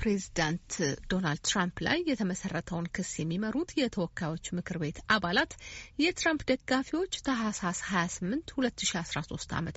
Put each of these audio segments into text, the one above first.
ፕሬዚዳንት ዶናልድ ትራምፕ ላይ የተመሰረተውን ክስ የሚመሩት የተወካዮች ምክር ቤት አባላት የትራምፕ ደጋፊዎች ታህሳስ 28 2013 ዓ ም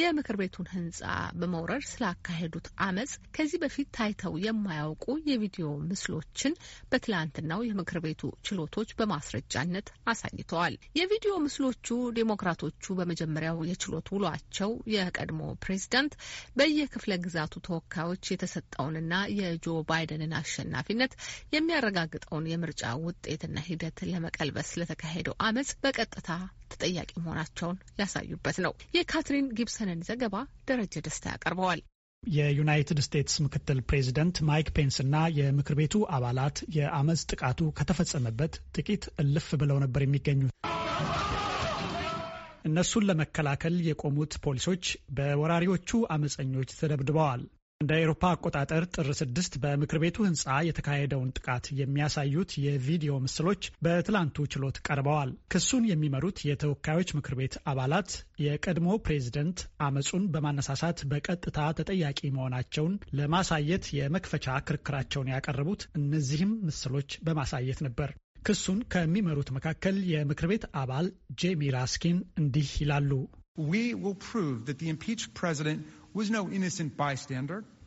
የምክር ቤቱን ህንፃ በመውረር ስላካሄዱት አመፅ ከዚህ በፊት ታይተው የማያውቁ የቪዲዮ ምስሎችን በትላንትናው የምክር ቤቱ ችሎቶች በማስረጃነት አሳይተዋል። የቪዲዮ ምስሎቹ ዴሞክራቶቹ በመጀመሪያው የችሎት ውሏቸው የቀድሞ ፕሬዚዳንት በየክፍለ ግዛቱ ተወካዮች የተሰጠውንና ና የጆ ባይደንን አሸናፊነት የሚያረጋግጠውን የምርጫ ውጤትና ሂደት ለመቀልበስ ለተካሄደው አመፅ በቀጥታ ተጠያቂ መሆናቸውን ያሳዩበት ነው። የካትሪን ጊብሰንን ዘገባ ደረጀ ደስታ ያቀርበዋል። የዩናይትድ ስቴትስ ምክትል ፕሬዚደንት ማይክ ፔንስ እና የምክር ቤቱ አባላት የአመፅ ጥቃቱ ከተፈጸመበት ጥቂት እልፍ ብለው ነበር የሚገኙት። እነሱን ለመከላከል የቆሙት ፖሊሶች በወራሪዎቹ አመፀኞች ተደብድበዋል። እንደ አውሮፓ አቆጣጠር ጥር ስድስት በምክር ቤቱ ህንፃ የተካሄደውን ጥቃት የሚያሳዩት የቪዲዮ ምስሎች በትላንቱ ችሎት ቀርበዋል። ክሱን የሚመሩት የተወካዮች ምክር ቤት አባላት የቀድሞ ፕሬዝደንት አመፁን በማነሳሳት በቀጥታ ተጠያቂ መሆናቸውን ለማሳየት የመክፈቻ ክርክራቸውን ያቀረቡት እነዚህም ምስሎች በማሳየት ነበር። ክሱን ከሚመሩት መካከል የምክር ቤት አባል ጄሚ ራስኪን እንዲህ ይላሉ። We will prove that the impeached president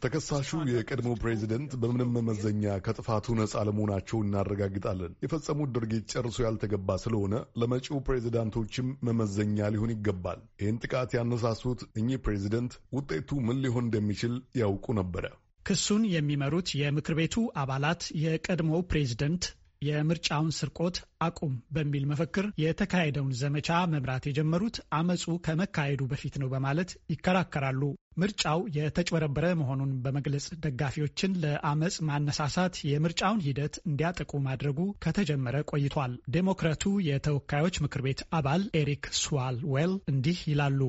ተከሳሹ የቀድሞ ፕሬዚደንት በምንም መመዘኛ ከጥፋቱ ነጻ ለመሆናቸው እናረጋግጣለን። የፈጸሙት ድርጊት ጨርሶ ያልተገባ ስለሆነ ለመጪው ፕሬዚዳንቶችም መመዘኛ ሊሆን ይገባል። ይህን ጥቃት ያነሳሱት እኚህ ፕሬዚደንት ውጤቱ ምን ሊሆን እንደሚችል ያውቁ ነበረ። ክሱን የሚመሩት የምክር ቤቱ አባላት የቀድሞው ፕሬዚደንት የምርጫውን ስርቆት አቁም በሚል መፈክር የተካሄደውን ዘመቻ መምራት የጀመሩት አመፁ ከመካሄዱ በፊት ነው በማለት ይከራከራሉ። ምርጫው የተጭበረበረ መሆኑን በመግለጽ ደጋፊዎችን ለአመፅ ማነሳሳት የምርጫውን ሂደት እንዲያጠቁ ማድረጉ ከተጀመረ ቆይቷል። ዴሞክራቱ የተወካዮች ምክር ቤት አባል ኤሪክ ስዋልዌል እንዲህ ይላሉ።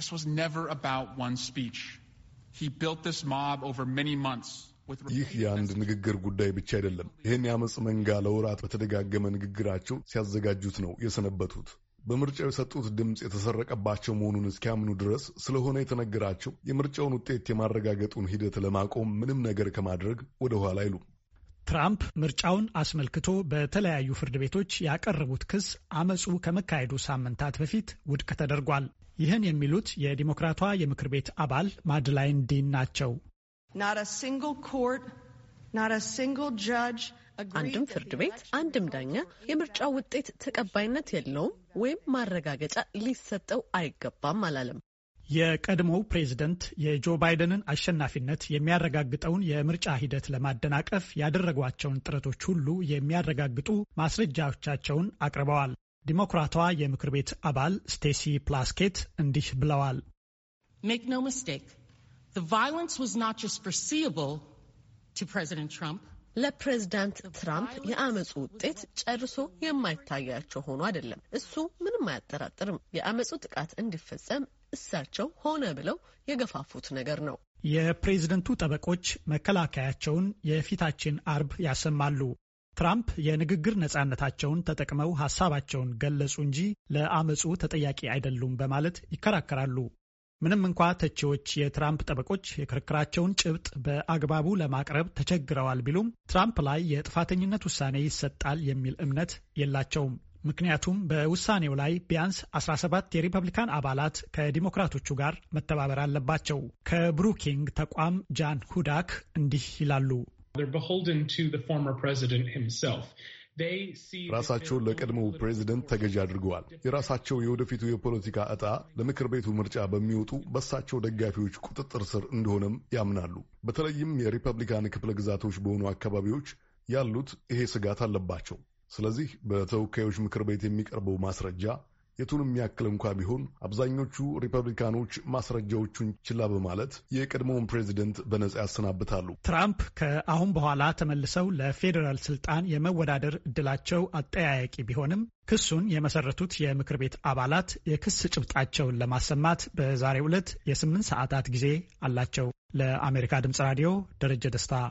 This was never about one speech. He built this mob over many months. ይህ የአንድ ንግግር ጉዳይ ብቻ አይደለም። ይህን የአመፅ መንጋ ለወራት በተደጋገመ ንግግራቸው ሲያዘጋጁት ነው የሰነበቱት። በምርጫው የሰጡት ድምፅ የተሰረቀባቸው መሆኑን እስኪያምኑ ድረስ ስለሆነ የተነገራቸው የምርጫውን ውጤት የማረጋገጡን ሂደት ለማቆም ምንም ነገር ከማድረግ ወደ ኋላ አይሉም። ትራምፕ ምርጫውን አስመልክቶ በተለያዩ ፍርድ ቤቶች ያቀረቡት ክስ አመፁ ከመካሄዱ ሳምንታት በፊት ውድቅ ተደርጓል። ይህን የሚሉት የዲሞክራቷ የምክር ቤት አባል ማድላይን ዲን ናቸው። አንድም ፍርድ ቤት አንድም ዳኛ የምርጫው ውጤት ተቀባይነት የለውም ወይም ማረጋገጫ ሊሰጠው አይገባም አላለም። የቀድሞው ፕሬዝደንት የጆ ባይደንን አሸናፊነት የሚያረጋግጠውን የምርጫ ሂደት ለማደናቀፍ ያደረጓቸውን ጥረቶች ሁሉ የሚያረጋግጡ ማስረጃዎቻቸውን አቅርበዋል። ዲሞክራቷ የምክር ቤት አባል ስቴሲ ፕላስኬት እንዲህ ብለዋል። ሜክ ኖ ሚስቴክ The violence was not just foreseeable to President Trump. ለፕሬዝዳንት ትራምፕ የአመፁ ውጤት ጨርሶ የማይታያቸው ሆኖ አይደለም። እሱ ምንም አያጠራጥርም። የአመፁ ጥቃት እንዲፈጸም እሳቸው ሆነ ብለው የገፋፉት ነገር ነው። የፕሬዝደንቱ ጠበቆች መከላከያቸውን የፊታችን አርብ ያሰማሉ። ትራምፕ የንግግር ነጻነታቸውን ተጠቅመው ሀሳባቸውን ገለጹ እንጂ ለአመፁ ተጠያቂ አይደሉም በማለት ይከራከራሉ። ምንም እንኳ ተቺዎች የትራምፕ ጠበቆች የክርክራቸውን ጭብጥ በአግባቡ ለማቅረብ ተቸግረዋል ቢሉም ትራምፕ ላይ የጥፋተኝነት ውሳኔ ይሰጣል የሚል እምነት የላቸውም። ምክንያቱም በውሳኔው ላይ ቢያንስ 17 የሪፐብሊካን አባላት ከዲሞክራቶቹ ጋር መተባበር አለባቸው። ከብሩኪንግ ተቋም ጃን ሁዳክ እንዲህ ይላሉ። ራሳቸውን ለቀድሞው ፕሬዚደንት ተገዢ አድርገዋል። የራሳቸው የወደፊቱ የፖለቲካ ዕጣ ለምክር ቤቱ ምርጫ በሚወጡ በሳቸው ደጋፊዎች ቁጥጥር ስር እንደሆነም ያምናሉ። በተለይም የሪፐብሊካን ክፍለ ግዛቶች በሆኑ አካባቢዎች ያሉት ይሄ ስጋት አለባቸው። ስለዚህ በተወካዮች ምክር ቤት የሚቀርበው ማስረጃ የቱንም ያክል እንኳ ቢሆን አብዛኞቹ ሪፐብሊካኖች ማስረጃዎቹን ችላ በማለት የቀድሞውን ፕሬዚደንት በነጻ ያሰናብታሉ። ትራምፕ ከአሁን በኋላ ተመልሰው ለፌዴራል ስልጣን የመወዳደር እድላቸው አጠያያቂ ቢሆንም ክሱን የመሰረቱት የምክር ቤት አባላት የክስ ጭብጣቸውን ለማሰማት በዛሬው ዕለት የስምንት ሰዓታት ጊዜ አላቸው። ለአሜሪካ ድምፅ ራዲዮ ደረጀ ደስታ